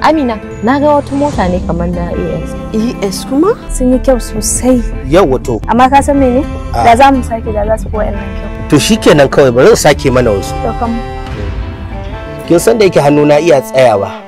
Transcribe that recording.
Amina, na ga wata mota ne kamar na AS. AS kuma? Sun yi kyau sosai. Yau wato. Amma ka san mene? Ah. Da za mu sake da za su koya nan kyau. To shi kenan kawai bari su sake mana wasu. Kin san da yake hannu na iya tsayawa.